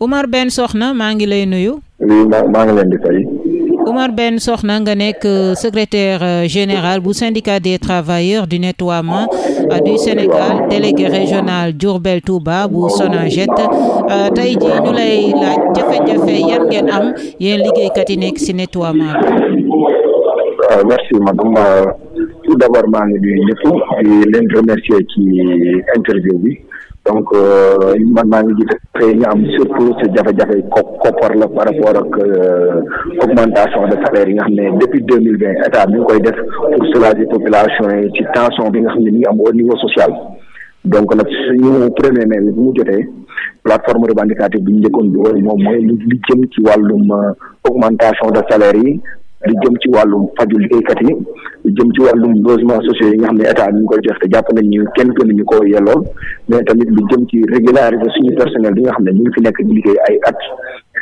Oumar Ben Sokhna maa ngi lay nuyu. oui maa ngi nga nekk euh, secrétaire euh, général bu syndicat des travailleurs du nettoiement euh, du Sénégal délégué régional Diourbel Touba bu Sonaget tey jii ñu lay laaj jafe-jafe yan ngeen am yéen liggéeykat yi nekk ci nettoiement bi. donc euh, man maa ngi jiite xëy ñu am surtout si jafe-jafe ko koppar la par rapport ak euh, augmentation de salaire yi nga xam ne depuis deux mille vingt état mi ngi koy def pour soulager population yi ci tension bi nga xam ne mi ngi am au niveau social donc nag ñu premier mai bi mu jotee plateforme revendicative bi ñu njëkkoon bi wooyu moom mooy li jëm ci wàllum euh, augmentation de salaire yi li jëm ci wàllum faju liggéeykat yi jëm ci wàllum logement social yi nga xam ne état bi ñu koy jox te jàpp nañ ñu kenn gën ñu ko yellool mais tamit lu jëm ci régulariser suñu personnel bi nga xam ne ñu ngi fi nekk di liggéey ay at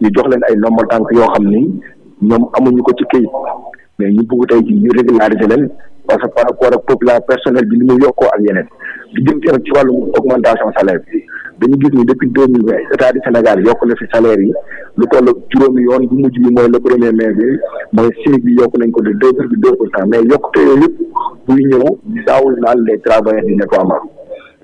ñu jox leen ay ndombal tànk yoo xam ni ñoom amuñu ko ci këyit mais ñu bëgg tey jii ñu régulariser leen parce que par rapport ak population personnel bi ni mu yokkoo ak yeneen lu jëm ci nag ci wàllum augmentation salaire bi dañu gis ni depuis deux mille vingt état du Sénégal yokk na fi salaire yi lu toll juróomi yoon bu mujj bi mooy le premier mai bi mooy SMIC bi yokk nañ ko de deux virgule deux pour cent mais yokkute yooyu yëpp buy ñëw daawul laal les travailleurs du nettoiement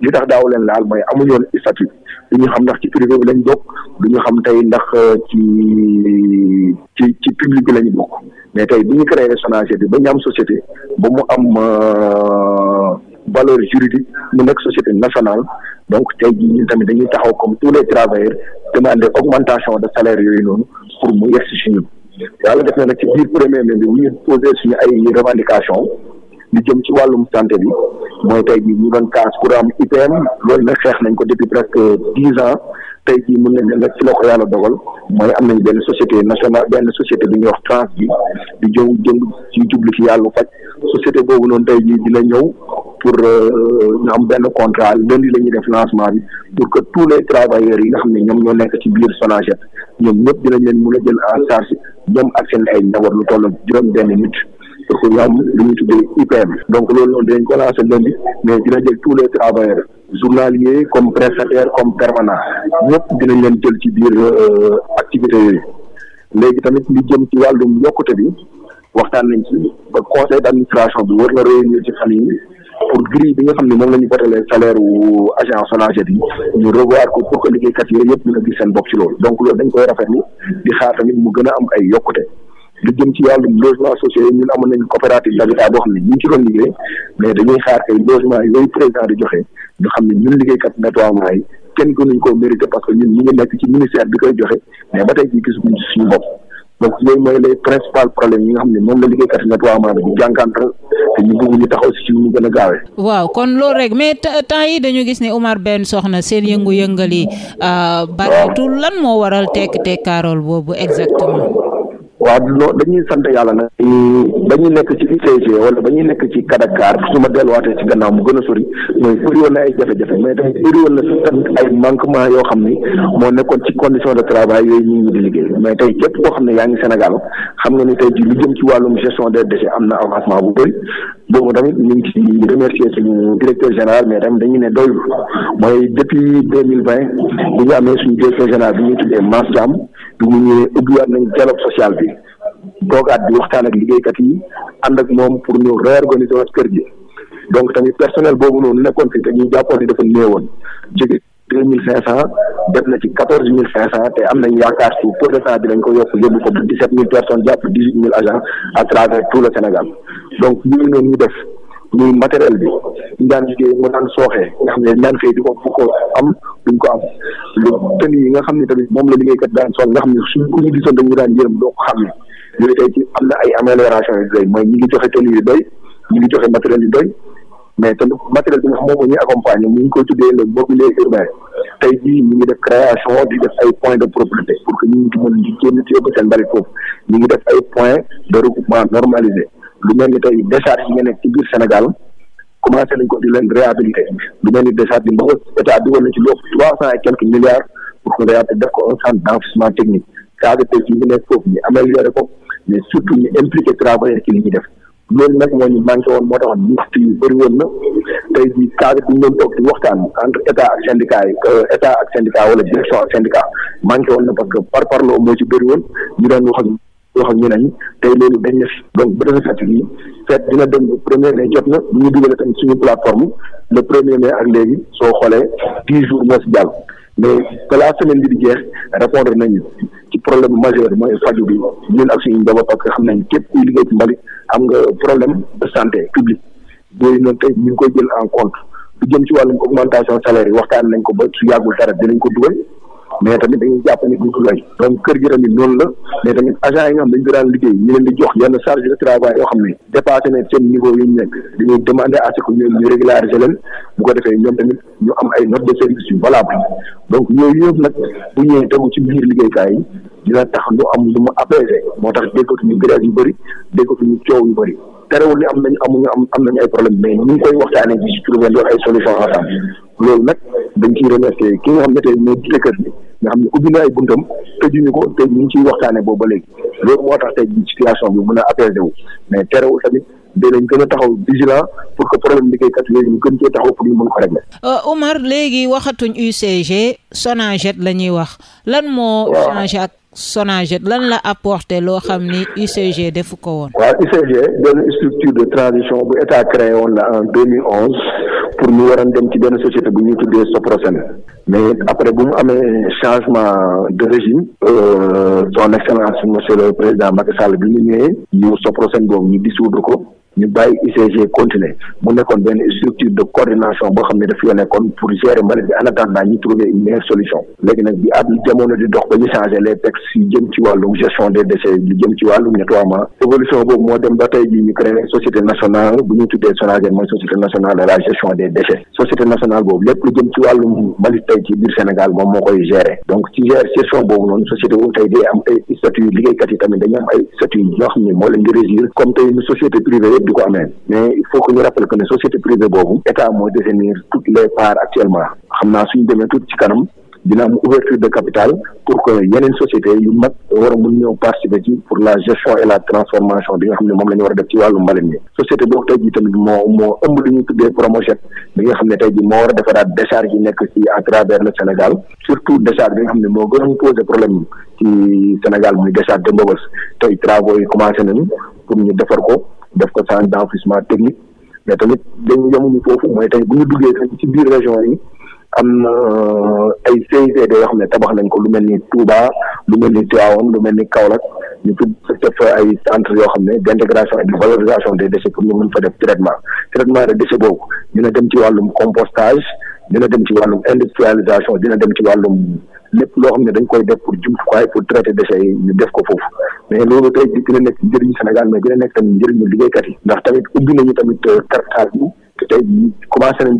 li tax daaw leen laal mooy amuñu woon statut du ñu xam ndax ci privé bi lañ bokk du ñu xam tey ndax euh, ci ci ci public bi lañu bokk mais tey bu ñu créé SONAGED bi ba am société ba mu am. Euh, valeur juridique mu nekk société nationale donc tey jii ñun tamit dañuy taxaw comme tous les travailleurs demander augmentation de salaire yooyu noonu pour mu yegg si ñun na nag biir premier mai bi bu suñu ay revendication li jëm ci wàllum santé bi mooy tey jii ñu doon kaas pour am IPM loolu nag xeex nañ ko depuis presque dix ans tey jii mën nañ leen rek ci la ko yàlla dogal mooy am nañ benn société nationale benn société bi ñuy wax trans bi di jëm jëm ci jublu yàlla faj société boobu noonu tey jii dina ñëw pour euh, ñu am benn contrat lundi la ñuy def lancement bi pour que tous les travailleurs yi nga xam ne ñoom ñoo nekk ci biir Sonaged ñoom ñëpp dinañ leen mun a jël en charge ñoom ak seen ay njaboot lu toll juróom benn nit parce que ñoom lu ñuy tuddee IPM donc loolu noonu dinañ ko lancer lundi mais dina jël tous journalier comme prestataire comme permanent ñëpp dinañ leen jël ci biir euh, activité yooyu léegi tamit li jëm ci wàllum yokkute bi waxtaan nañ ci ba de d'administration bi war na réunir ci fan yi pour grille bi nga xam ni moom la ñu votalee salaire wu agent Sonaged bi ñu revoir ko pour ko liggéeykat yi yëpp mën a gis seen bopp ci loolu donc loolu dañ koy rafetlu di xaar tamit mu gën a am ay yokkute lu jëm ci wàllum logement social ñun amoon nañu coopérative d'habitat boo xam ne ñu ngi ci doon liggéey mais dañuy xaar ay logement yooyu président di joxe ñu xam ne ñun liggéeykat nettoiement yi kenn gënuñ koo mérité parce que ñu ngi nekk ci ministère bi koy joxe mais ba tey jii gisuñu suñu bopp donc yooyu mooy les principal problème yi nga xam ne moom la liggéeykat nettoiement bi di te ñu bëgg ñu taxaw si ci ñu gën a gaawee. waaw kon loolu waaw loo dañuy sant yàlla nag ba ñu nekk ci UCG wala ba ñu nekk ci Kadakar su ma delluwaatee ci gannaaw mu gën a sori mooy bëri woon na ay jafe-jafe mais tamit bëri woon na tamit ay manquement yoo xam ni moo nekkoon ci condition de travail yooyu ñu ngi di liggéey mais tey képp koo xam ne yaa ngi Sénégal xam nga ni tey ji lu jëm ci wàllum gestion des déchets am na avancement bu bëri boobu tamit ñu ngi ci remercier suñu directeur général mais tamit dañu ne doyul mooy depuis deux mille vingt bu ñu amee suñu directeur général bi ñuy tuddee Mass Thiam bi mu ñëwee ubbiwaat nañ dialogue sociale bi toogaat bi waxtaan ak liggéeykat yi ànd ak moom pour ñu réorganiser waat kër gi donc tamit personnel boobu noonu nekkoon fi te ñu jàppoon ni dafa néewoon jóge deux mille cinq cent dem na ci quatorze mille cinq cent te am nañ yaakaar ci peu de temps bi dañ ko yokk yóbbu ko ba mille personnes jàpp dix huit mille agents à travers tout le Sénégal donc ñuñu noonu ñu def muy matériel bi ñu daan liggéey sooxee nga xam ne daan xëy di ko yi nga xam ne tamit moom la liggéeykat daan sol nga xam ne suñ ko ñu gisoon dañu daan yërëm doo ko xam ne yooyu tey ci am na ay amélioration yu doy mooy ñu ngi joxe tenue yu doy ñu ngi joxe matériel yu doy mais tamit matériel bi nga moom moo ñuy accompagner ñu ngi ko tuddee le mobilier urbain tey jii ñu ngi def création di def ay point de propreté pour que ñu ngi mën di génn ci def ay points de regroupement normalisé lu mel ni tey décharge yi nga nekk ci biir Sénégal commencé nañ ko di leen réhabilité lu mel ni décharge di Mbaxoss état dugal na ci lu ëpp trois cent et quelques milliards pour que réhabilité def ko un centre d'enfouissement technique c'est-à-dire tey jii ñu nekk foofu ñu amélioré surtout ñu impliqué li ñuy def. loolu nag moo ñu manqué woon moo taxoon liste yi bëri woon na tey jii cadre bi ñu doon toog di waxtaan entre état ak syndicat yi euh, état ak syndicat wala direction ak syndicat manqué woon na parce que par parlo moo ci bëri woon ñu doon wax ak wax ak ñeneen tey loolu dañ def donc ba defee fàttali nii feet dina dem le premier mai jot na ñu dugalee tamit suñu plateforme le premier mai ak léegi soo xoolee dix jours moo si jàll mais balaa semaine bi di jeex répondre nañu ci problème majeur mooy faju bi ñun ak suñu njaboot parce que xam nañ képp kuy liggéey ci mbalit am nga problème de santé publique yooyu noonu tey ñu ngi koy jël en compte lu jëm ci wàllum augmentation salaire yi waxtaan nañ ko ba su yàggul dara dinañ ko dugal mais tamit dañuy jàpp ne duñ ko doy donc kër gi noonu la mais tamit agent yi nga xam dañ ko daan liggéey ñu leen di jox yenn charge de travail yoo xam ne dépassé na seen niveau yi nekk dañuy demander à ce que ñoom leen bu ko defee ñoom tamit ñu am ay note de service yu valable donc yooyu yëpp nag bu ñëwee tegu ci biir liggéeykaay yi dina tax lu am lu ma apaisé moo tax déggatuñu grève yu bëri déggatuñu coow yu bëri terewul ni am nañu amuñu am am nañu ay ñu ngi koy waxtaanee ci trouver loolu ay loolu nag dañ ciy remercier ki xam ne tey moo jiite kër nga xam ne ubbi na ay buntam tëjuñu ko te ñu ngi waxtaane boobu ba léegi loolu moo tax tey situation bi mën a apaisé wu mais terewul tamit dinañ kën a taxaw vigilant pour que problème liggéeykat yooyu ñu gën cee taxaw pour ñu mën ko régler. Euh, Omar léegi waxatuñ UCG Sonaged la ñuy wax lan moo changé ak Sonaged lan la apporté loo xam ni UCG defu ko woon. waaw UCG benn structure de transition bu état créé woon la en 2011 pour ñu waroon dem ci benn société bu ñuy tuddee so Soprosen mais après bu mu amee changement de régime euh, son excellence monsieur le président Macky Sall bi ñu ñëwee ñu Soprosen boobu ñu dissoudre ko. ñu bàyyi UCG continuer mu nekkoon benn structure de coordination boo xam ne daf yoo kon pour gérer mbalit bi en attendant ñu trouver une meilleure solution léegi nag bi at di dox ba ñu changer les textes yu jëm ci wàllum gestion de déchets yu jëm ci wàllum nettoiement évolution boobu moo dem ba tey jii ñu créé société nationale bu ñu tuddee SONAGED mooy société nationale de gestion des déchets société nationale boobu lépp lu jëm ci wàllum mbalit tey ci biir Sénégal moo koy gérer donc ci gestion boobu noonu société boobu tey yi tamit dañu am xam ne moo leen di régir di ko amee mais il faut que ñu rappelle que ne société privée boobu état mooy détenir toutes les parts actuellement xam naa suñ demee tuuti ci kanam dina am ouverture de capital pour que yeneen société yu mag war a mun ñëw participer ci pour la gestion et la transformation bi nga xam ne moom la ñu war a def ci wàllu mbalit mi société boobu tey jii tamit moo moo ëmb li ñu tuddee Promojet bi nga xam ne tey jii moo war a defaraat décharge yi nekk ci à travers le Sénégal surtout décharge bi nga xam ne moo gënoon posé problème ci Sénégal muy décharge de Mbëbës tey travaux yi commencé nañu pour ñu defar ko def ko centre d'enfouissement technique mais tamit dañu yemuñu foofu mooy tey bu ñu duggee tamit ci biir région yi am na euh, ay CICD yoo xam ne tabax nañ ko lu mel ni Touba lu mel ni Tivaouane lu mel ni Kaolack ñu fi def ay centre yoo xam ne d' intégration et de valorisation des déchets pour ñu mën fa def traitement traitement de déchets boobu dina dem ci wàllum compostage dina dem ci wàllum industrialisation dina dem ci wàllum lépp loo xam ne dañ koy def pour jumtukaay pour traiter déchets yi ñu def ko foofu mais loolu tey jii dina nekk njëriñu Sénégal mais dina nekk tamit njëriñu liggéeykat yi ndax tamit ubbi nañu tamit euh, cartage bi te tey jii commencé nañ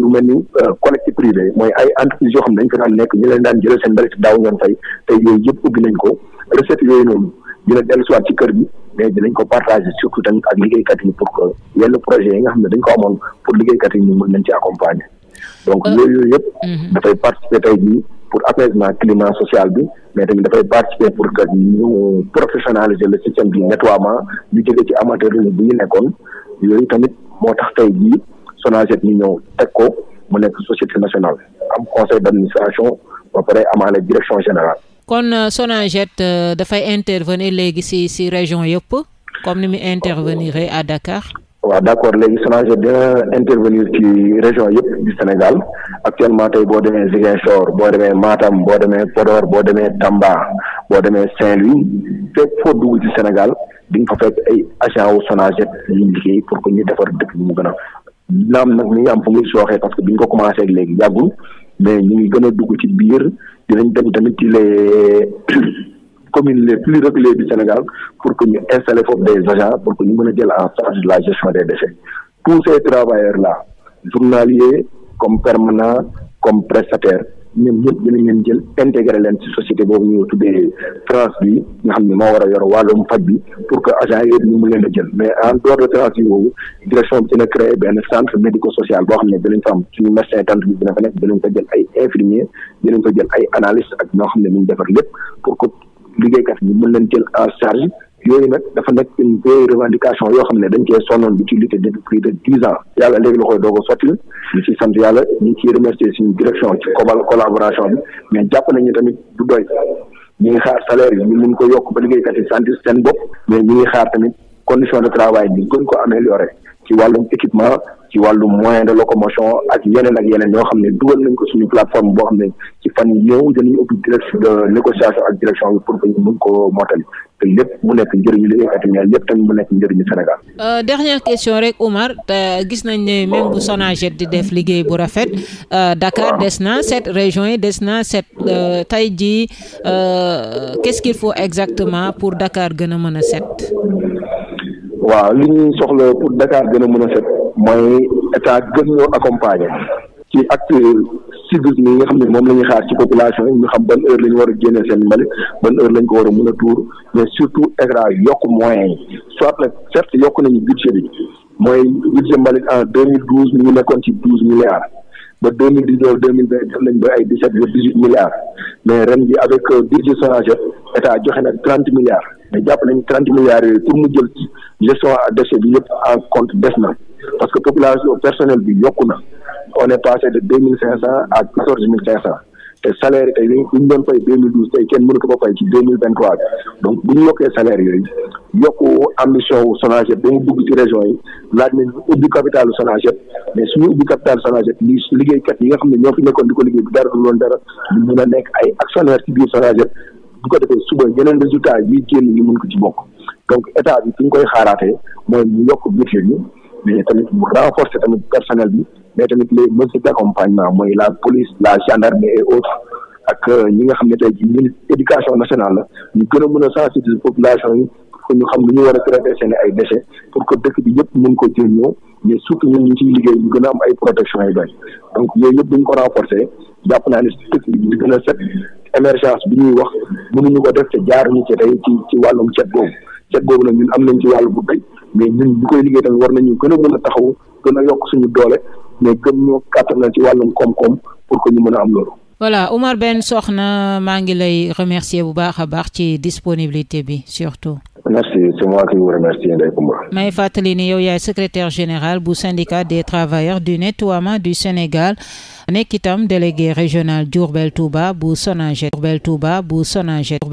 lu mel ni euh, collecte privé mooy ay entreprise yoo xam ne dañ ko nekk ñu leen daan jëlee seen mbalit daaw ñoon fay tey yooyu yëpp ubbi nañ ko recette yooyu noonu dina dellusiwaat ci kër gi mais dinañ ko partager surtout tamit ak liggéeykat yi pour que yenn projet yi nga xam ne dañ ko amoon pour liggéeykat yi ñu mën nañ ci accompagner donc euh, yooyu yëpp. Mhm. dafay participer tey jii pour apaisement climat social bi mais tamit dafay participer pour que ñu professionnaliser le système du nettoiement ñu jóge ci amateurisme bi ñu nekkoon yooyu tamit moo tax tey jii Sonaged ñu ñëw teg ko mu nekk société nationale am conseil d'administration ba pare amaale direction générale. kon euh, Sonaged euh, dafay intervenir léegi ci ci région yëpp comme ni mu intervenir à Dakar. waaw d' accord léegi SONAGED dina intervenir ci région yëpp du Sénégal actuellement tey boo demee Ziguinchor boo demee Matam boo demee Podor boo demee Tamba boo demee Saint-Louis fépp foo dugg ci Sénégal di nga fa fekk ay agent wu SONAGED yuy liggéey pour que ñu defar dëkk bi mu gën a naam nag mi ngi am fu muy sooxee parce que bi ñu ko commencé léegi yàggul mais ñu ngi gën a dugg ci biir dinañ dem tamit ci les communes les plus reculées du Sénégal pour que ñu installer foofu des agents pour que ñu mën a jël en charge la gestion boobu ñu bi nga ne moo war a yor wàllum faj pour que agent yooyu ñu mu leen a jël benn centre médico social boo xam ne dinañ fa am suñu médecin tant bi dina fa nekk dinañ fa jël ay infirmiers dinañ fa jël ay analystes ak ñoo xam ne ñu defar lépp pour que liggéeykat bi mën leen jël en charge yooyu nag dafa nekk une revendication yoo xam ne dañ cee sonnoon di ci lutter depuis plus de dix ans yàlla léegi la koy doog a sotti ci sant yàlla ñu ciy remercier suñu direction ci kobal bi mais jàpp nañu tamit du doy ñu ngi xaar salaire yi ñu mun ko yokk ba liggéeykat yi sant seen bopp mais ñu ngi xaar tamit condition de travail bi gën ko améliorer ci wàllum équipement ci wàllu moyen de locomotion ak yeneen ak yeneen yoo xam ne dugal nañ ko suñu plateforme boo xam ne ci fan yi ñëw dinañu ubbi direct de euh, négociation ak direction bi pour que ñu mën ko mottali te lépp mu nekk njëriñu li ekati mais tamit mu nekk njëriñu Sénégal. Euh, dernière question rek Oumar gis nañ ne même bu Sonaged di def liggéey bu rafet euh, Dakar des na sept régions yi des na sept tey jii qu'est-ce qu'il faut exactement pour Dakar gën a mën a set. waaw li ñuy soxla pour Dakar gën a mën a set. mooy état gën ñoo accompagner ci acte civisme yi nga xam ne moom la ñuy xaar ci population yi ñu xam ban heure la ñu war a génnee seen mbalit ban heure la ko war a mën a tuur mais surtout état yokk moyens yi soit nag certes yokk nañu budget bi mooy budget mbalit en deux mille douze ñu nekkoon ci douze milliards ba deux mille dix neuf deux mille vingt dem nañ ba dix sept ba dix mais ren bi avec euh, budget SONAGED état joxe na trente milliards mais jàpp nañ trente milliards yooyu pour mu jël gestion à déchets bi yëpp en compte des na parce que population personnelle bi yokku na on est de deux mille cinq cent à quatorze mille cinq cent te salaire yi tey doon fay deux mille douze tey kenn mënu ko ba fay ci deux mille vingt trois donc bu ñu yokkee salaire yooyu dugg ci région yi laaj nañ ubbi capital Sonaged mais suñu ubbi capital Sonaged li liggéeykat yi nga xam ne ñoo fi nekkoon di ko liggéey dara du a nekk ay bu ko defee suba yeneen résultat yi génn ñu mun ko bokk donc état bi fi ñu koy xaaraatee mooy ñu yokk budget yi mais tamit mu renforcer tamit personnel bi mais tamit les mesures d'accompagnement mooy la police la gendarmerie et autres ak euh, ñi nga xam ne tey jii ñun éducation nationale la ñu gën a mën a sensibiliser population yi pour ñu xam lu ñu war a seen ay dese pour que dëkk bi yëpp mën ko jëriñoo mais surtout ñun ñu ciy liggéey ñu gën am ay protection yu doy donc yooyu yëpp bu ko renforcer jàpp naa ne dëkk bi ñu gën a set émergence bi ñuy wax ñu ko def te jaaruñu ci tey ci wàllum cet boobu cet nag ñun am nañ ci wàllu bu doy mais ñun voilà Oumar Bène Sokhna maa ngi lay remercier bu baax a baax ci disponibilité bi surtout. fàttali ni yow yaay secretaire général bu syndicat des travailleurs du nettoiement du Sénégal nekk itam délégué régional Diourbel Touba bu Sonaged Diourbel Touba bu Sonaged.